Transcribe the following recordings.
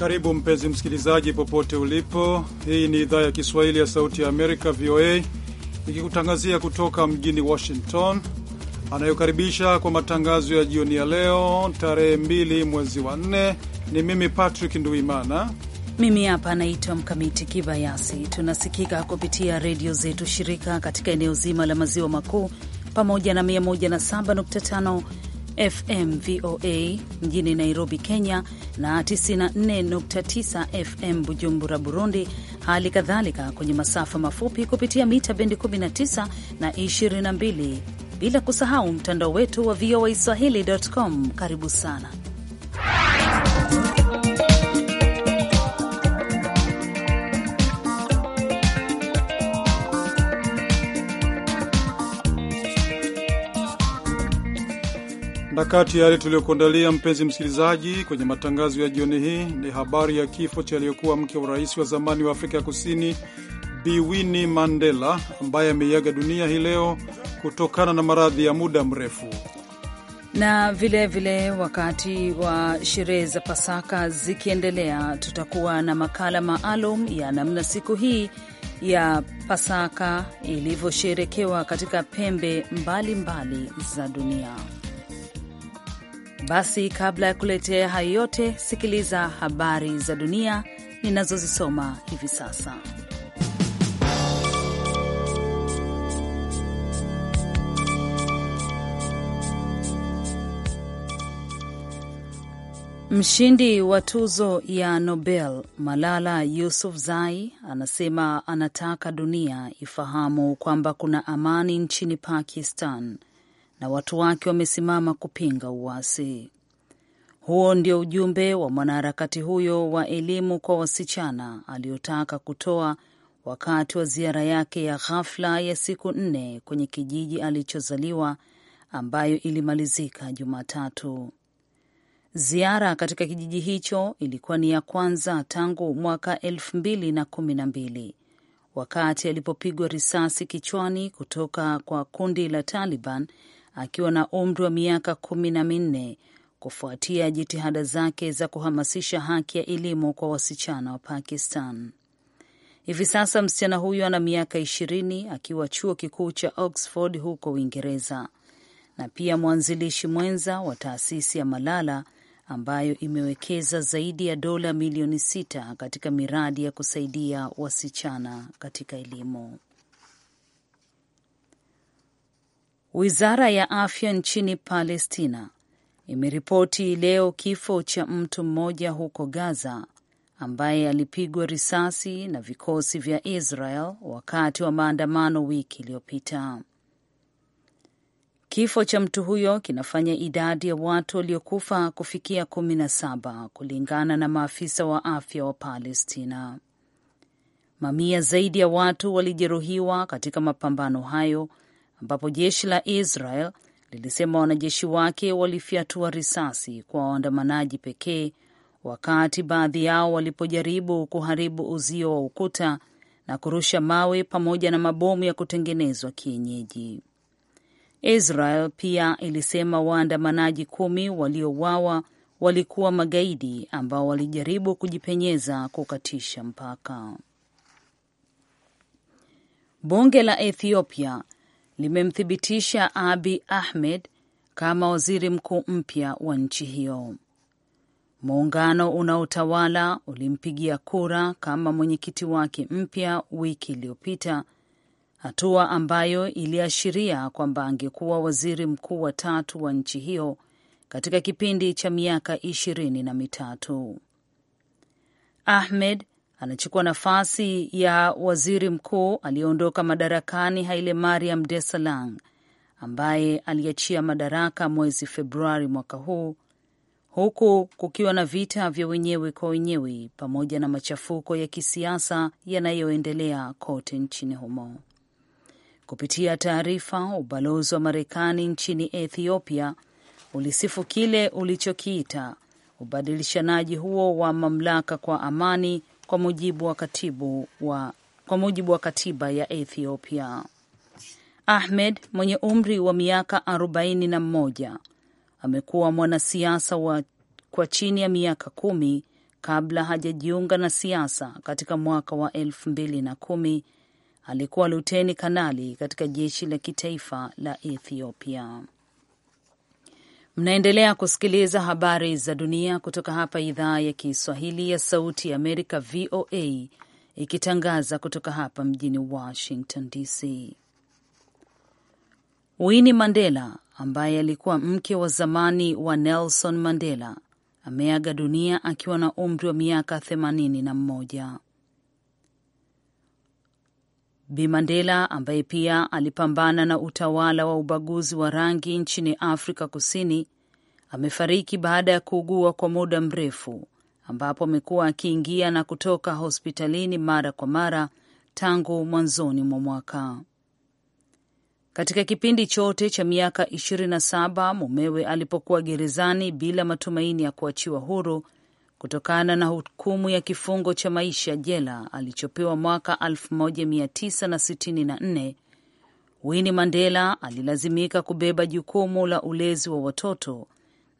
Karibu mpenzi msikilizaji, popote ulipo. Hii ni idhaa ya Kiswahili ya Sauti ya Amerika, VOA, ikikutangazia kutoka mjini Washington, anayokaribisha kwa matangazo ya jioni ya leo tarehe 2 mwezi wa 4 ni mimi Patrick Nduimana. Mimi hapa naitwa Mkamiti Kibayasi. Tunasikika kupitia redio zetu shirika katika eneo zima la maziwa makuu pamoja na 107.5 FM VOA mjini Nairobi, Kenya na 94.9 FM Bujumbura, Burundi, hali kadhalika kwenye masafa mafupi kupitia mita bendi 19 na 22, bila kusahau mtandao wetu wa voa swahilicom Karibu sana. Na kati ya yale tuliyokuandalia, mpenzi msikilizaji, kwenye matangazo ya jioni hii ni habari ya kifo cha aliyekuwa mke wa rais wa zamani wa Afrika ya Kusini biwini Mandela ambaye ameiaga dunia hii leo kutokana na maradhi ya muda mrefu na vilevile vile wakati wa sherehe za Pasaka zikiendelea, tutakuwa na makala maalum ya namna siku hii ya Pasaka ilivyosherekewa katika pembe mbalimbali mbali za dunia. Basi kabla ya kuletea hayo yote, sikiliza habari za dunia ninazozisoma hivi sasa. Mshindi wa tuzo ya Nobel Malala Yousafzai anasema anataka dunia ifahamu kwamba kuna amani nchini Pakistan na watu wake wamesimama kupinga uasi. Huo ndio ujumbe wa mwanaharakati huyo wa elimu kwa wasichana aliyotaka kutoa wakati wa ziara yake ya ghafla ya siku nne kwenye kijiji alichozaliwa ambayo ilimalizika Jumatatu. Ziara katika kijiji hicho ilikuwa ni ya kwanza tangu mwaka elfu mbili na kumi na mbili wakati alipopigwa risasi kichwani kutoka kwa kundi la Taliban akiwa na umri wa miaka kumi na minne kufuatia jitihada zake za kuhamasisha haki ya elimu kwa wasichana wa Pakistan. Hivi sasa msichana huyo ana miaka ishirini akiwa chuo kikuu cha Oxford huko Uingereza, na pia mwanzilishi mwenza wa taasisi ya Malala ambayo imewekeza zaidi ya dola milioni sita katika miradi ya kusaidia wasichana katika elimu. Wizara ya afya nchini Palestina imeripoti leo kifo cha mtu mmoja huko Gaza ambaye alipigwa risasi na vikosi vya Israel wakati wa maandamano wiki iliyopita. Kifo cha mtu huyo kinafanya idadi ya watu waliokufa kufikia kumi na saba kulingana na maafisa wa afya wa Palestina. Mamia zaidi ya watu walijeruhiwa katika mapambano hayo ambapo jeshi la Israel lilisema wanajeshi wake walifyatua risasi kwa waandamanaji pekee wakati baadhi yao walipojaribu kuharibu uzio wa ukuta na kurusha mawe pamoja na mabomu ya kutengenezwa kienyeji. Israel pia ilisema waandamanaji kumi waliouawa walikuwa magaidi ambao walijaribu kujipenyeza kukatisha mpaka. Bunge la Ethiopia limemthibitisha Abi Ahmed kama waziri mkuu mpya wa nchi hiyo. Muungano unaotawala ulimpigia kura kama mwenyekiti wake mpya wiki iliyopita, hatua ambayo iliashiria kwamba angekuwa waziri mkuu wa tatu wa nchi hiyo katika kipindi cha miaka ishirini na mitatu. Ahmed anachukua nafasi ya waziri mkuu aliyeondoka madarakani Haile Mariam Desalegn ambaye aliachia madaraka mwezi Februari mwaka huu, huku kukiwa na vita vya wenyewe kwa wenyewe pamoja na machafuko ya kisiasa yanayoendelea kote nchini humo. Kupitia taarifa, ubalozi wa Marekani nchini Ethiopia ulisifu kile ulichokiita ubadilishanaji huo wa mamlaka kwa amani kwa mujibu wa katibu wa kwa mujibu wa katiba ya Ethiopia. Ahmed mwenye umri wa miaka 41 amekuwa mwanasiasa wa kwa chini ya miaka kumi kabla hajajiunga na siasa. Katika mwaka wa elfu mbili na kumi alikuwa luteni kanali katika jeshi la kitaifa la Ethiopia. Mnaendelea kusikiliza habari za dunia kutoka hapa idhaa ya Kiswahili ya Sauti ya Amerika, VOA, ikitangaza kutoka hapa mjini Washington DC. Winnie Mandela ambaye alikuwa mke wa zamani wa Nelson Mandela ameaga dunia akiwa na umri wa miaka themanini na mmoja. Bi Mandela ambaye pia alipambana na utawala wa ubaguzi wa rangi nchini Afrika Kusini amefariki baada ya kuugua kwa muda mrefu ambapo amekuwa akiingia na kutoka hospitalini mara kwa mara tangu mwanzoni mwa mwaka. Katika kipindi chote cha miaka 27 mumewe alipokuwa gerezani bila matumaini ya kuachiwa huru, kutokana na hukumu ya kifungo cha maisha jela alichopewa mwaka 1964. Winnie Mandela alilazimika kubeba jukumu la ulezi wa watoto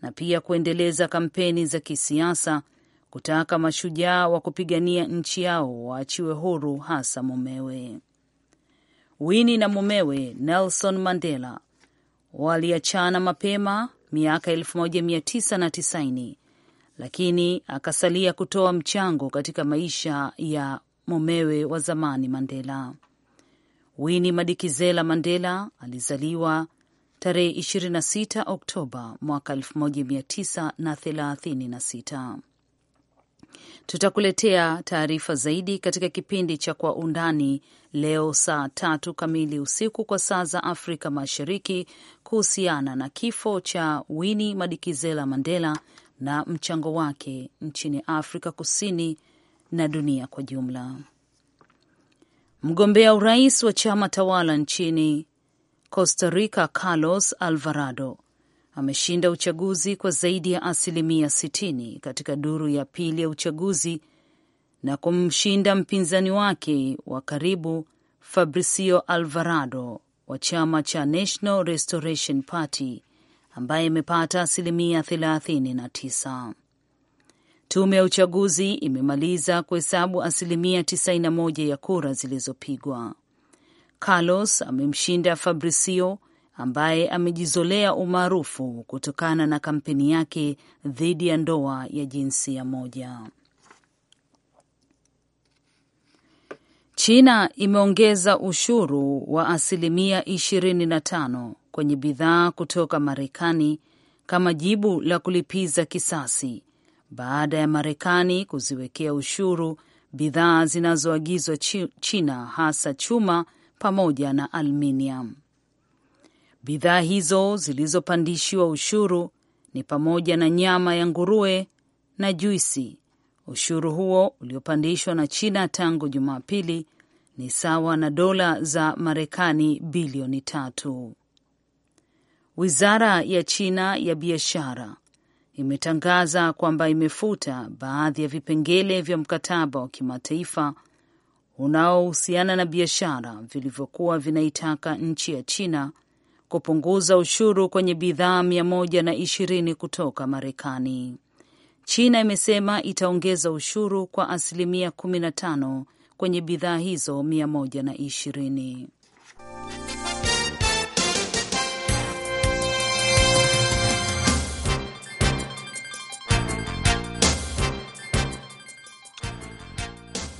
na pia kuendeleza kampeni za kisiasa kutaka mashujaa wa kupigania nchi yao waachiwe huru, hasa mumewe. Winnie na mumewe Nelson Mandela waliachana mapema miaka 1990 lakini akasalia kutoa mchango katika maisha ya mumewe wa zamani Mandela. Winnie Madikizela Mandela alizaliwa tarehe 26 Oktoba mwaka 1936. Tutakuletea taarifa zaidi katika kipindi cha Kwa Undani leo saa tatu kamili usiku kwa saa za Afrika Mashariki kuhusiana na kifo cha Winnie Madikizela Mandela na mchango wake nchini Afrika Kusini na dunia kwa jumla. Mgombea urais wa chama tawala nchini Costa Rica Carlos Alvarado ameshinda uchaguzi kwa zaidi ya asilimia 60 katika duru ya pili ya uchaguzi na kumshinda mpinzani wake wa karibu Fabricio Alvarado wa chama cha National Restoration Party ambaye imepata asilimia 39. Tume ya uchaguzi imemaliza kuhesabu asilimia 91 ya kura zilizopigwa. Carlos amemshinda Fabricio ambaye amejizolea umaarufu kutokana na kampeni yake dhidi ya ndoa ya jinsia moja. China imeongeza ushuru wa asilimia tano kwenye bidhaa kutoka Marekani kama jibu la kulipiza kisasi baada ya Marekani kuziwekea ushuru bidhaa zinazoagizwa China hasa chuma pamoja na aluminium. Bidhaa hizo zilizopandishiwa ushuru ni pamoja na nyama ya nguruwe na juisi. Ushuru huo uliopandishwa na China tangu Jumapili ni sawa na dola za Marekani bilioni tatu. Wizara ya China ya biashara imetangaza kwamba imefuta baadhi ya vipengele vya mkataba wa kimataifa unaohusiana na biashara vilivyokuwa vinaitaka nchi ya China kupunguza ushuru kwenye bidhaa mia moja na ishirini kutoka Marekani. China imesema itaongeza ushuru kwa asilimia kumi na tano kwenye bidhaa hizo mia moja na ishirini.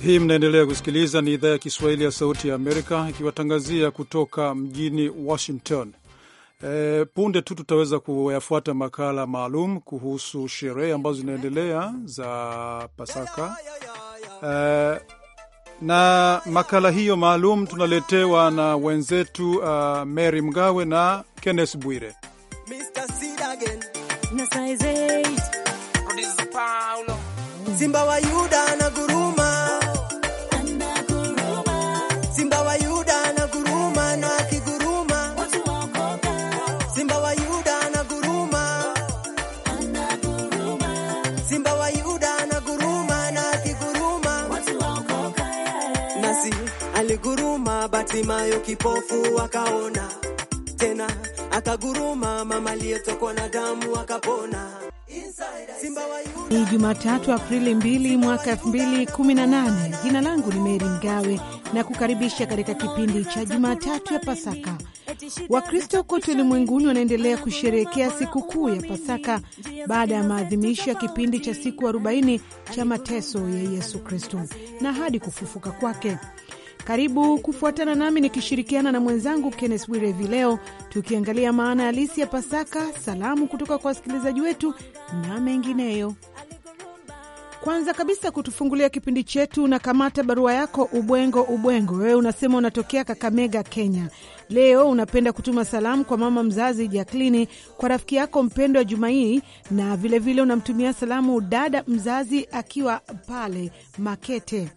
Hii mnaendelea kusikiliza, ni idhaa ya Kiswahili ya Sauti ya Amerika ikiwatangazia kutoka mjini Washington. E, punde tu tutaweza kuyafuata makala maalum kuhusu sherehe ambazo zinaendelea za Pasaka. E, na makala hiyo maalum tunaletewa na wenzetu uh, Mary Mgawe na Kenneth Bwire. Simba wa Yuda na guruma nayo kipofu akaona tena, akaguruma mama aliyetokwa na damu akapona. Ni Jumatatu, Aprili 2 mwaka 2018. Jina langu ni Meri Mgawe na kukaribisha katika kipindi cha Jumatatu ya Pasaka. Wakristo kote ulimwenguni wanaendelea kusherehekea sikukuu ya Pasaka baada ya maadhimisho ya kipindi cha siku 40 cha mateso ya Yesu Kristo na hadi kufufuka kwake. Karibu kufuatana nami nikishirikiana na mwenzangu Kennes Bwire hivi leo tukiangalia maana halisi ya Pasaka, salamu kutoka kwa wasikilizaji wetu na mengineyo. Kwanza kabisa kutufungulia kipindi chetu unakamata barua yako Ubwengo Ubwengo, wewe unasema unatokea Kakamega, Kenya. Leo unapenda kutuma salamu kwa mama mzazi Jaklini, kwa rafiki yako mpendwa Jumaii, na vilevile vile unamtumia salamu dada mzazi akiwa pale Makete.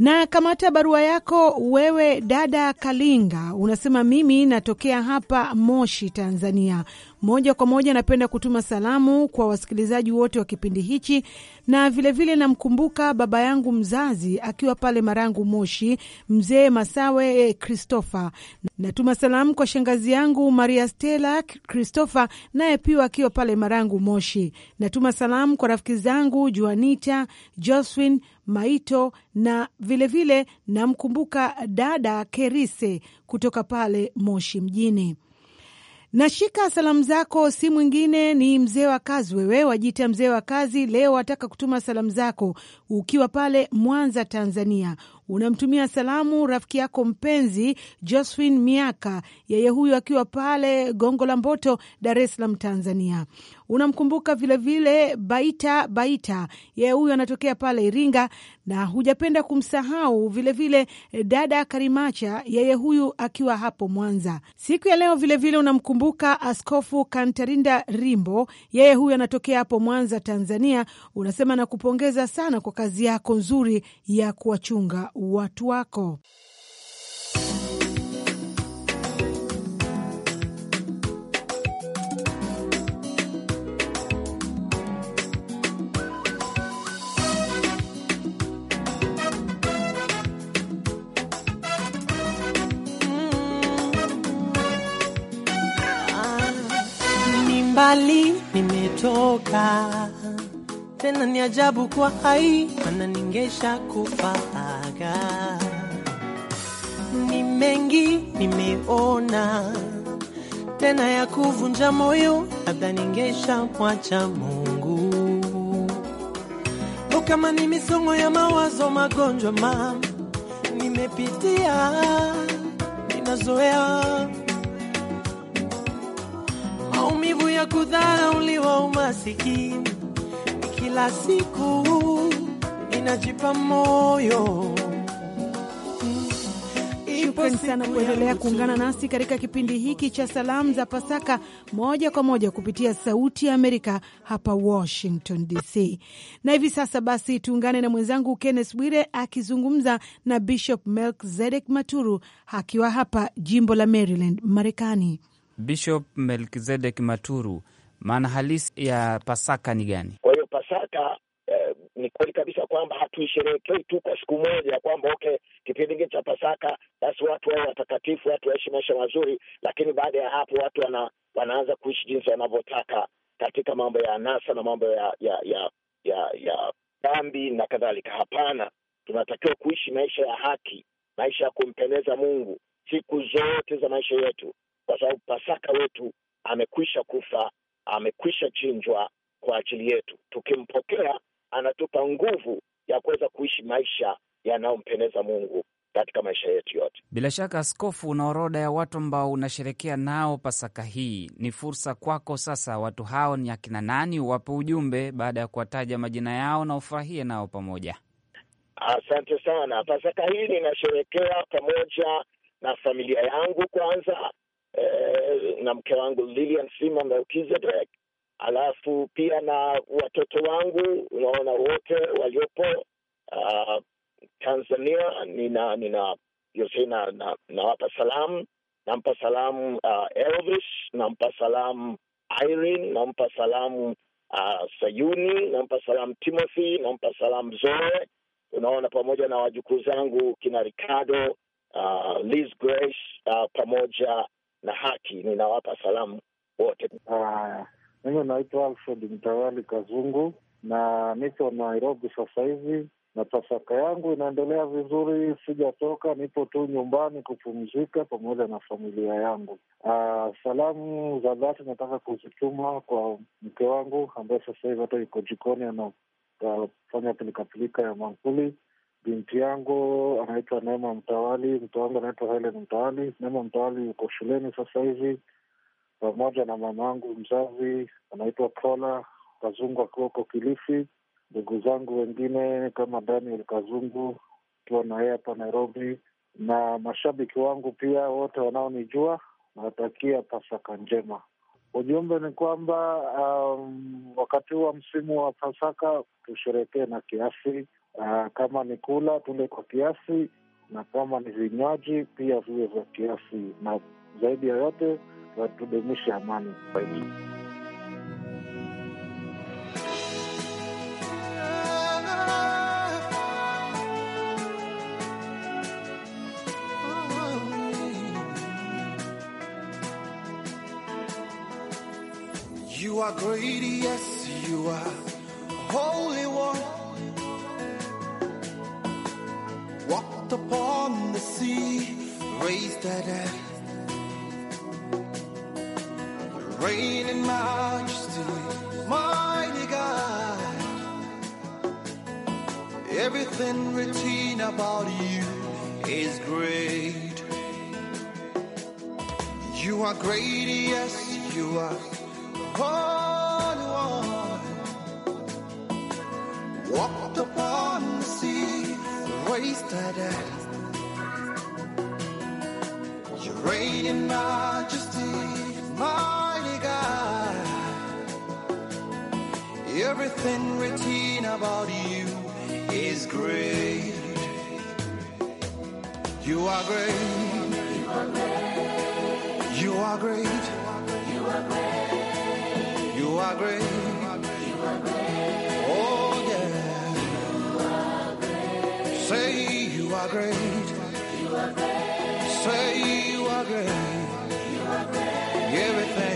Na kamata barua yako wewe, dada Kalinga, unasema mimi natokea hapa Moshi, Tanzania. Moja kwa moja napenda kutuma salamu kwa wasikilizaji wote wa kipindi hichi, na vilevile namkumbuka baba yangu mzazi akiwa pale Marangu Moshi, mzee Masawe eh, Christopher. Natuma salamu kwa shangazi yangu Maria Stella Christopher, naye pia akiwa pale Marangu Moshi. Natuma salamu kwa rafiki zangu Juanita Joswin, Maito na vilevile namkumbuka dada Kerise kutoka pale Moshi mjini. Nashika salamu zako, si mwingine ni mzee wa kazi. Wewe wajita mzee wa kazi, leo wataka kutuma salamu zako ukiwa pale Mwanza, Tanzania unamtumia salamu rafiki yako mpenzi Josephine Miaka, yeye huyu akiwa pale Gongo la Mboto, Dar es Salaam, Tanzania. Unamkumbuka vilevile Baita Baita, yeye huyu anatokea pale Iringa, na hujapenda kumsahau vilevile vile dada Karimacha, yeye huyu akiwa hapo Mwanza. Siku ya leo vilevile vile unamkumbuka Askofu Kantarinda Rimbo, yeye huyu anatokea hapo Mwanza, Tanzania. Unasema nakupongeza sana kwa kazi yako nzuri ya kuwachunga watu wako. Ni mbali nimetoka tena ni ajabu kwa hai mana ningesha kufaaga. Ni mengi nimeona tena ya kuvunja moyo, labda ningesha mwacha Mungu. Ukama ni misongo ya mawazo, magonjwa ma nimepitia, ninazoea maumivu ya kudharauliwa, umasikini kila siku inajipa moyo. Shukrani sana kuendelea kuungana nasi katika kipindi hiki cha salamu za Pasaka moja kwa moja kupitia Sauti ya Amerika hapa Washington DC. Na hivi sasa basi tuungane na mwenzangu Kenneth Bwire akizungumza na Bishop Melkizedek Maturu akiwa hapa jimbo la Maryland, Marekani. Bishop Melkizedek Maturu, maana halisi ya Pasaka ni gani? Pasaka eh, ni kweli kabisa kwamba hatuisherehekei tu kwa siku moja kwamba okay, kipindi hiki cha Pasaka basi watu wawe watakatifu, watu waishi maisha mazuri, lakini baada ya hapo watu wana, wanaanza kuishi jinsi wanavyotaka katika mambo ya anasa na mambo ya ya ya ya, ya dhambi na kadhalika. Hapana, tunatakiwa kuishi maisha ya haki, maisha ya kumpendeza Mungu siku zote za maisha yetu, kwa sababu Pasaka wetu amekwisha kufa, amekwisha chinjwa kwa ajili yetu. Tukimpokea, anatupa nguvu ya kuweza kuishi maisha yanayompendeza Mungu katika maisha yetu yote. Bila shaka, askofu, na orodha ya watu ambao unasherekea nao Pasaka hii, ni fursa kwako sasa. Watu hao ni akina nani? Wape ujumbe baada ya kuwataja majina yao na ufurahie nao pamoja. Asante sana. Pasaka hii ninasherekea pamoja na familia yangu kwanza, eh, na mke wangu Lilian Sima Melkizedek, alafu pia na watoto wangu, unaona wote waliopo uh, Tanzania nina nina yose na nawapa na salamu, nampa salamu uh, Elvis, nampa salamu Irene, nampa salamu uh, Sayuni, nampa salamu Timothy, nampa salamu Zoe, unaona pamoja na wajukuu zangu kina Ricardo uh, Liz Grace uh, pamoja na Haki, ninawapa salamu wote uh. Mimi naitwa Alfred Mtawali Kazungu na niko Nairobi sasa hivi na pasaka yangu inaendelea vizuri, sijatoka, nipo tu nyumbani kupumzika pamoja na familia yangu. Aa, ah, salamu za dhati nataka kuzituma kwa mke wangu ambaye sasa hivi hata iko jikoni anafanya ah, pilikapilika ya mankuli. Binti yangu anaitwa Neema Mtawali, mke wangu anaitwa Helen Mtawali. Neema Mtawali yuko shuleni sasa hivi pamoja na mamangu mzazi anaitwa Pola Kazungu akiwa huko Kilifi, ndugu zangu wengine kama Daniel Kazungu akiwa na yeye hapa Nairobi, na mashabiki wangu pia wote wanaonijua, nawatakia Pasaka njema. Ujumbe ni kwamba um, wakati huu wa msimu wa Pasaka tusherekee na kiasi. Uh, kama ni kula tule kwa kiasi, na kama ni vinywaji pia viwe vya kiasi, na zaidi ya yote watudumishe amani kwetu. You are great, yes, you are holy one. Walked upon the sea, raised dead. in majesty, mighty God. Everything written about you is great. You are great, yes, you are Holy One. Walked upon the sea, raised at earth. You reign in majesty, majesty. everything routine about you is great. You are great. You are great. You are great. You are great. Oh yeah. Say you are great. Say you are great. Everything.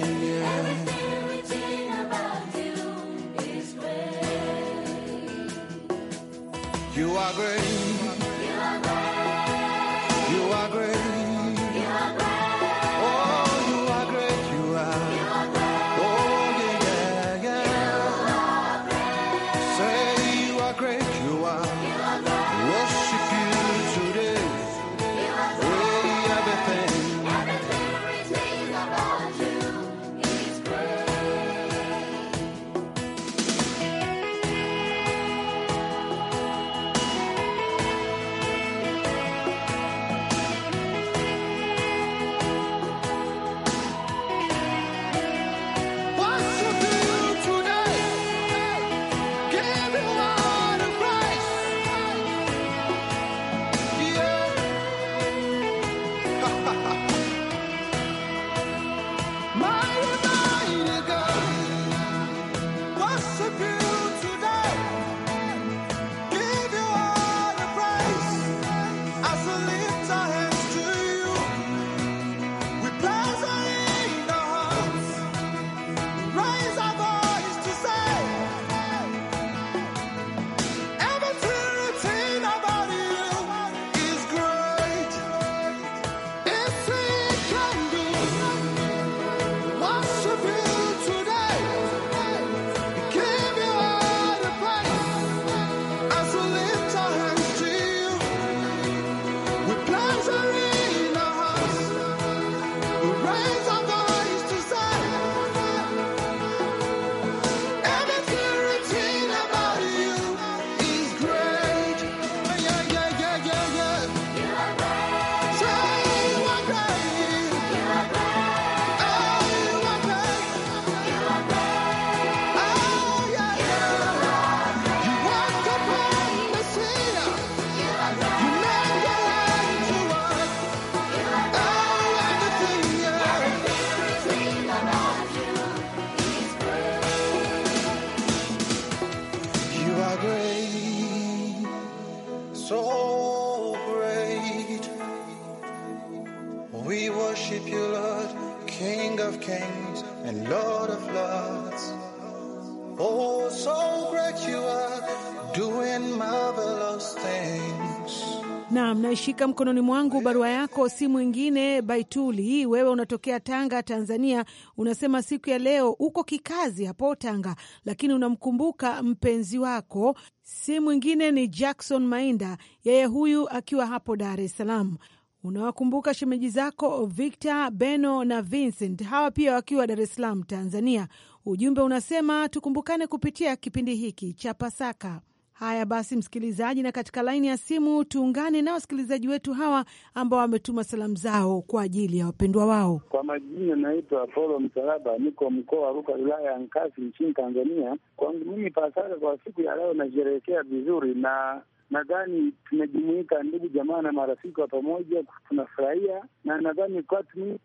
Nimeshika mkononi mwangu barua yako, si mwingine Baituli. Wewe unatokea Tanga, Tanzania. Unasema siku ya leo uko kikazi hapo Tanga, lakini unamkumbuka mpenzi wako, si mwingine ni Jackson Mainda, yeye huyu akiwa hapo Dar es Salaam. Unawakumbuka shemeji zako Victor, Beno na Vincent, hawa pia wakiwa Dar es Salaam, Tanzania. Ujumbe unasema tukumbukane kupitia kipindi hiki cha Pasaka. Haya basi, msikilizaji, na katika laini ya simu tuungane na wasikilizaji wetu hawa ambao wametuma salamu zao kwa ajili ya wapendwa wao. Kwa majina, naitwa Apolo Msalaba, niko mkoa wa ruka wilaya ya Nkasi, nchini Tanzania. Kwangu mimi Pasaka kwa siku ya leo nasherehekea vizuri, na nadhani tumejumuika ndugu jamaa na marafiki wa pamoja, tunafurahia na nadhani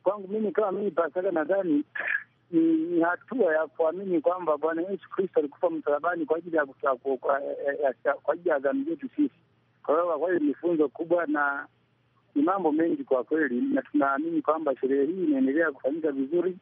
kwangu mimi kama mimi Pasaka nadhani ni hatua ya kuamini kwamba Bwana Yesu Kristo alikufa msalabani kwa ajili ya kwa ajili ya dhambi zetu sisi. Kwa hiyo kwa kweli ni funzo kubwa na ni mambo mengi kwa kweli, na tunaamini kwamba sherehe hii inaendelea kufanyika vizuri.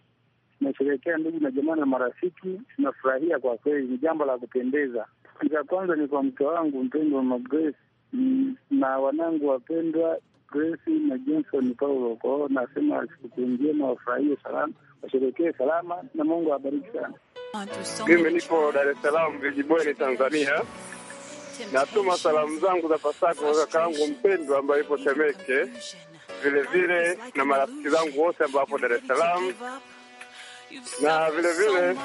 Tunasherehekea ndugu na jamaa na marafiki, tunafurahia kwa kweli, ni jambo la kupendeza. Cha kwanza ni kwa mke wangu mpendwa Magrace mm, na wanangu wapendwa Grace na Johnson Paulo. Kwa nasema siku njema, wafurahie salama, washerekee salama na Mungu awabariki sana. Mimi nipo Dar es Salaam, Vijibweni, Tanzania. Natuma salamu zangu za Pasaka kwa kaka yangu mpendwa ambaye ipo Temeke, vile vile na marafiki zangu wote ambao hapo Dar es Salaam, na vile vile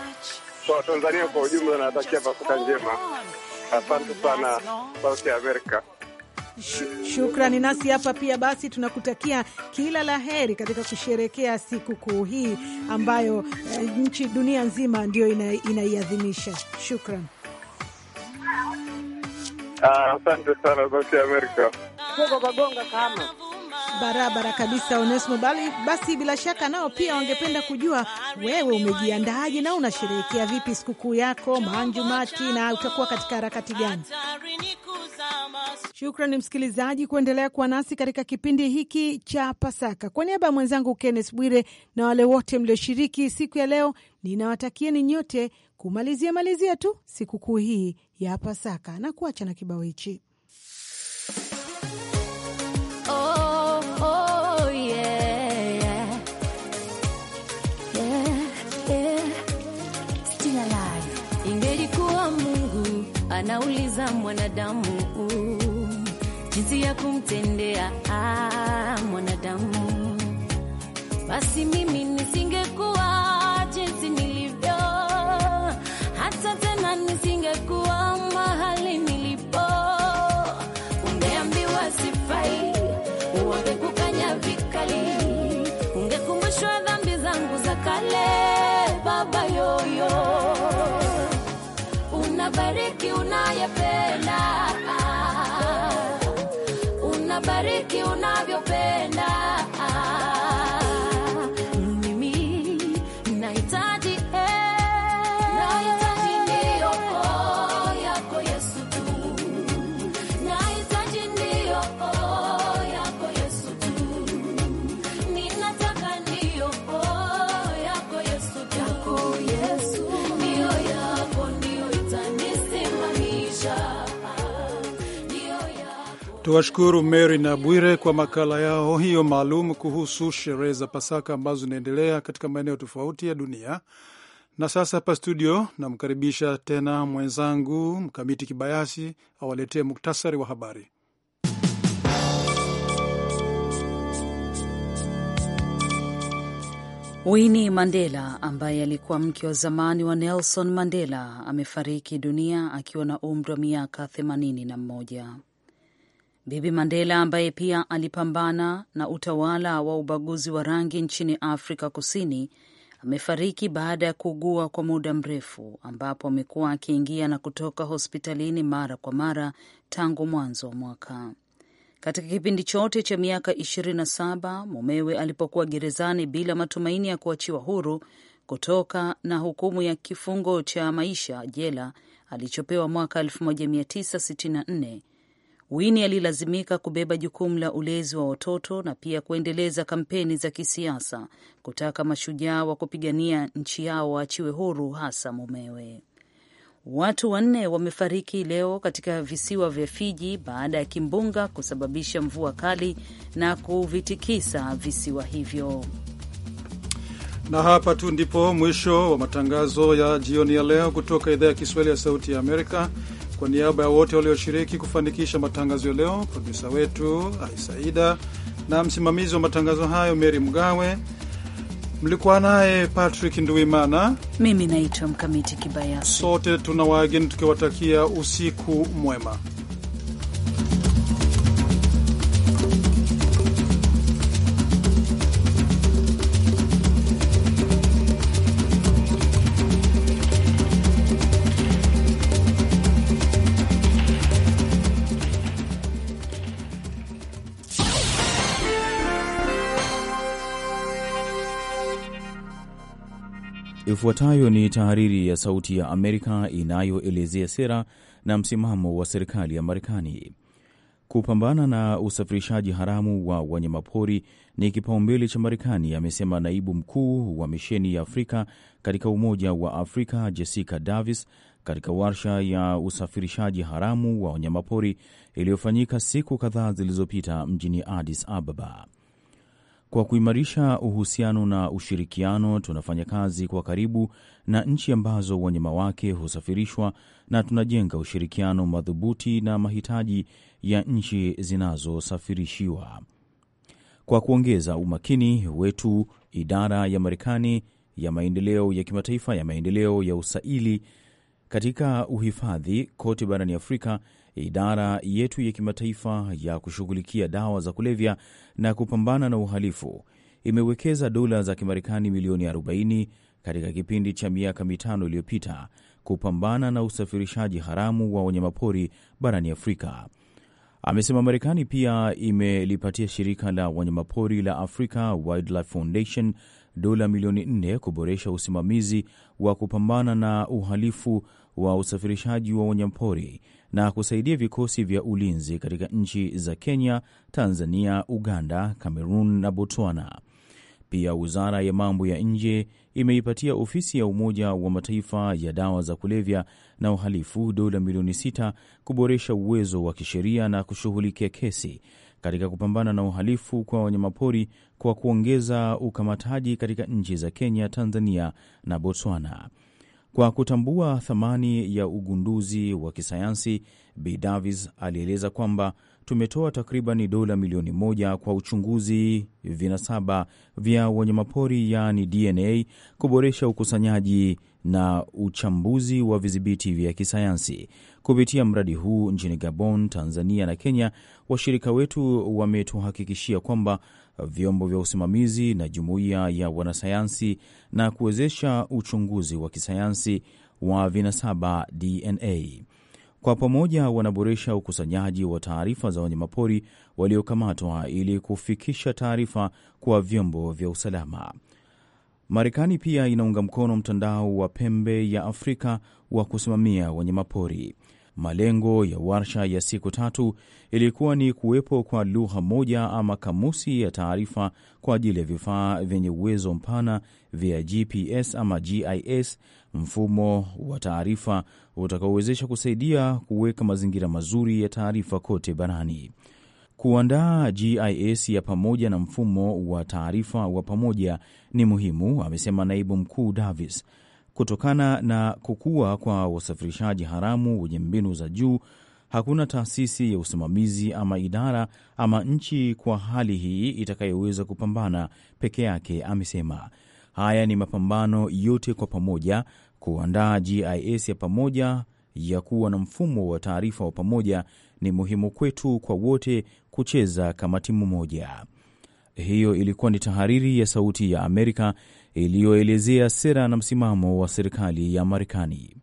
kwa Tanzania kwa ujumla. natakia Pasaka njema. Asante sana, Sauti ya Amerika. Shukrani. Nasi hapa pia basi tunakutakia kila la heri katika kusherekea sikukuu hii ambayo eh, nchi dunia nzima ndio inaiadhimisha. Ina shukran. Ah, asante ah, sana Sauti ya Amerika. Barabara kabisa, Onesmo Bali. Basi bila shaka nao pia wangependa kujua wewe umejiandaaje na unasherehekea vipi sikukuu yako Maanjumati na utakuwa katika harakati gani? Shukrani msikilizaji kuendelea kuwa nasi katika kipindi hiki cha Pasaka. Kwa niaba ya mwenzangu Kennes Bwire na wale wote mlioshiriki siku ya leo, ninawatakieni nyote kumalizia malizia tu sikukuu hii ya Pasaka na kuacha na kibao hichi. anauliza mwanadamu jinsi ya kumtendea ah, mwanadamu. Basi mimi nisingekuwa unabariki unayependa, unabariki unavyopenda. Tuwashukuru Mary na Bwire kwa makala yao hiyo maalum kuhusu sherehe za Pasaka ambazo zinaendelea katika maeneo tofauti ya dunia. Na sasa hapa studio namkaribisha tena mwenzangu Mkamiti Kibayasi awaletee muktasari wa habari. Winnie Mandela ambaye alikuwa mke wa zamani wa Nelson Mandela amefariki dunia akiwa na umri wa miaka 81. Bibi Mandela ambaye pia alipambana na utawala wa ubaguzi wa rangi nchini Afrika Kusini amefariki baada ya kuugua kwa muda mrefu ambapo amekuwa akiingia na kutoka hospitalini mara kwa mara tangu mwanzo wa mwaka. Katika kipindi chote cha miaka 27 mumewe alipokuwa gerezani bila matumaini ya kuachiwa huru kutoka na hukumu ya kifungo cha maisha jela alichopewa mwaka 1964 wini alilazimika kubeba jukumu la ulezi wa watoto na pia kuendeleza kampeni za kisiasa kutaka mashujaa wa kupigania nchi yao waachiwe huru, hasa mumewe. Watu wanne wamefariki leo katika visiwa vya Fiji baada ya kimbunga kusababisha mvua kali na kuvitikisa visiwa hivyo. Na hapa tu ndipo mwisho wa matangazo ya jioni ya leo kutoka idhaa ya Kiswahili ya Sauti ya Amerika. Kwa niaba ya wote walioshiriki kufanikisha matangazo ya leo, produsa wetu Aisaida na msimamizi wa matangazo hayo Meri Mgawe, mlikuwa naye Patrick Nduimana, mimi naitwa Mkamiti Kibayasi. Sote tuna wageni tukiwatakia usiku mwema. Ifuatayo ni tahariri ya Sauti ya Amerika inayoelezea sera na msimamo wa serikali ya Marekani. Kupambana na usafirishaji haramu wa wanyamapori ni kipaumbele cha Marekani, amesema naibu mkuu wa misheni ya Afrika katika Umoja wa Afrika Jessica Davis katika warsha ya usafirishaji haramu wa wanyamapori iliyofanyika siku kadhaa zilizopita mjini Addis Ababa. Kwa kuimarisha uhusiano na ushirikiano, tunafanya kazi kwa karibu na nchi ambazo wanyama wake husafirishwa na tunajenga ushirikiano madhubuti na mahitaji ya nchi zinazosafirishiwa. Kwa kuongeza umakini wetu, idara ya Marekani ya maendeleo ya kimataifa ya maendeleo ya usaili katika uhifadhi kote barani Afrika idara yetu ya kimataifa ya kushughulikia dawa za kulevya na kupambana na uhalifu imewekeza dola za Kimarekani milioni 40 katika kipindi cha miaka mitano iliyopita kupambana na usafirishaji haramu wa wanyamapori barani Afrika. Amesema Marekani pia imelipatia shirika la wanyamapori la Africa Wildlife Foundation dola milioni nne kuboresha usimamizi wa kupambana na uhalifu wa usafirishaji wa wanyamapori na kusaidia vikosi vya ulinzi katika nchi za Kenya, Tanzania, Uganda, Kamerun na Botswana. Pia wizara ya mambo ya nje imeipatia ofisi ya Umoja wa Mataifa ya dawa za kulevya na uhalifu dola milioni sita kuboresha uwezo wa kisheria na kushughulikia kesi katika kupambana na uhalifu kwa wanyamapori kwa kuongeza ukamataji katika nchi za Kenya, Tanzania na Botswana. Kwa kutambua thamani ya ugunduzi wa kisayansi, B Davis alieleza kwamba tumetoa takriban dola milioni moja kwa uchunguzi vinasaba vya wanyamapori yaani DNA, kuboresha ukusanyaji na uchambuzi wa vidhibiti vya kisayansi. Kupitia mradi huu nchini Gabon, Tanzania na Kenya, washirika wetu wametuhakikishia kwamba vyombo vya usimamizi na jumuiya ya wanasayansi na kuwezesha uchunguzi wa kisayansi wa vinasaba DNA. Kwa pamoja wanaboresha ukusanyaji wa taarifa za wanyamapori waliokamatwa ili kufikisha taarifa kwa vyombo vya usalama. Marekani pia inaunga mkono mtandao wa pembe ya Afrika wa kusimamia wanyamapori. Malengo ya warsha ya siku tatu ilikuwa ni kuwepo kwa lugha moja ama kamusi ya taarifa kwa ajili ya vifaa vyenye uwezo mpana vya GPS ama GIS, mfumo wa taarifa utakaowezesha kusaidia kuweka mazingira mazuri ya taarifa kote barani. Kuandaa GIS ya pamoja na mfumo wa taarifa wa pamoja ni muhimu, amesema naibu mkuu Davis. Kutokana na kukua kwa wasafirishaji haramu wenye mbinu za juu, hakuna taasisi ya usimamizi ama idara ama nchi kwa hali hii itakayoweza kupambana peke yake, amesema. Haya ni mapambano yote kwa pamoja, kuandaa GIS ya pamoja ya kuwa na mfumo wa taarifa wa pamoja ni muhimu kwetu kwa wote kucheza kama timu moja. Hiyo ilikuwa ni tahariri ya Sauti ya Amerika iliyoelezea sera na msimamo wa serikali ya Marekani.